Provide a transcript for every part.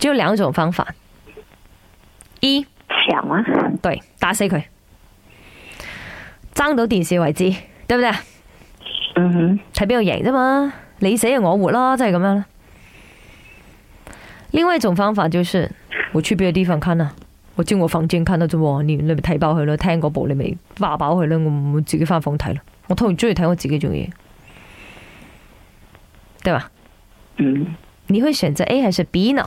只有兩種方法，一、e, 搶啊，對，打死佢，爭到電視為止，對唔對？嗯哼，睇邊個贏啫嘛，你死我活啦，即係咁樣啦。另外一種方法就算、是，我去別嘅地方看啊？我知我房間看得、啊、啫，你你咪睇飽佢啦，聽嗰部你咪話飽佢啦，我唔會自己翻房睇啦。我當然中意睇我自己做嘢，對吧？嗯，你會選擇 A 還是 B 呢？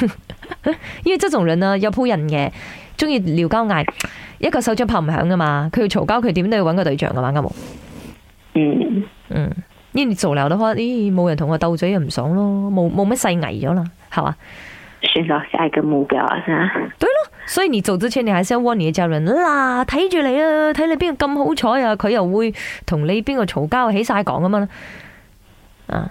因為真仲亂啊，有鋪人嘅，中意撩交嗌，一個手掌拍唔響噶嘛。佢要嘈交，佢點都要揾個對象噶嘛。啱毛，嗯嗯，因為你做留得開，咦，冇人同我鬥嘴又唔爽咯，冇冇乜世藝咗啦，係嘛？算咯，下一個目標啦。 對咯，所以你做之前，你係 sell m o n 嘅責任嗱，睇住你啊，睇你邊個咁好彩啊，佢又會同你邊個嘈交起晒講噶嘛？啊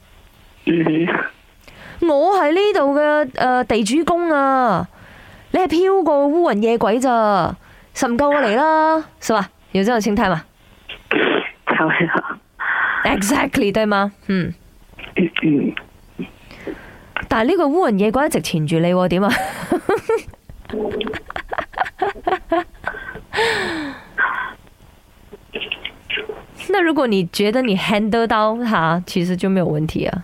我係呢度嘅，誒地主公啊，你係飄過烏雲夜鬼咋？神救我嚟啦，是吧？有這種心態嗎？有啊，Exactly 對嗎？嗯。但係呢個烏雲夜鬼一直纏住你，點啊？ 那如果你覺得你 handle 到他，其實就沒有問題啊。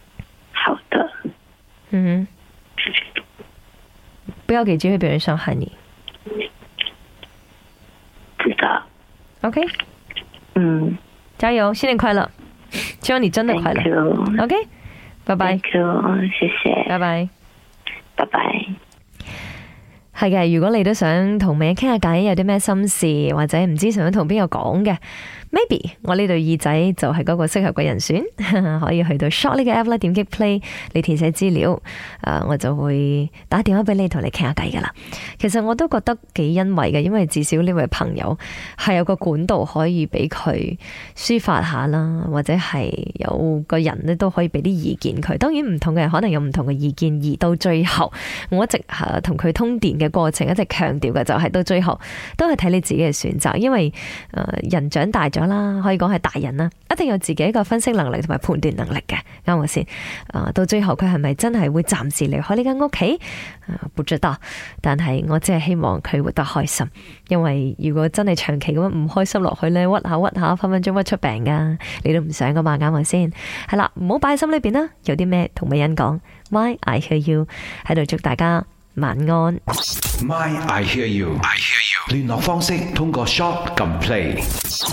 好的，嗯哼，不要給機會別人傷害你。知道，OK，嗯，加油，新年快樂，希望你真的快樂。Thank you. OK，拜拜。謝謝 bye。拜拜 bye，拜拜。係嘅，如果你都想同我傾下偈，有啲咩心事或者唔知想同邊個講嘅？maybe 我呢對耳仔就係個適合嘅人選， 可以去到 short 呢個 app 啦，點擊 play，你填寫資料，誒我就會打電話俾你同你傾下偈噶啦。其實我都覺得幾欣慰嘅，因為至少呢位朋友係有個管道，可以俾佢抒發下啦，或者係有個人咧都可以俾啲意見佢。當然唔同嘅人可能有唔同嘅意見，而到最後我一直吓同佢通電嘅過程一直強調嘅就係到最後都係睇你自己嘅選擇，因為誒人長大咗。啦，可以講係大人啦，一定有自己一個分析能力同埋判斷能力嘅，啱我先。啊，到最後佢係咪真係會暫時離開呢間屋企？啊，不得，但係我只係希望佢活得開心，因為如果真係長期咁樣唔開心落去呢，屈下屈下，屈下分分鐘屈出病噶，你都唔想噶嘛，啱我先。係啦，唔好擺喺心裏邊啦，有啲咩同咩人講 MY I hear you？喺度祝大家晚安。MY I hear you？I hear you。聯絡方式通過 short g a m play。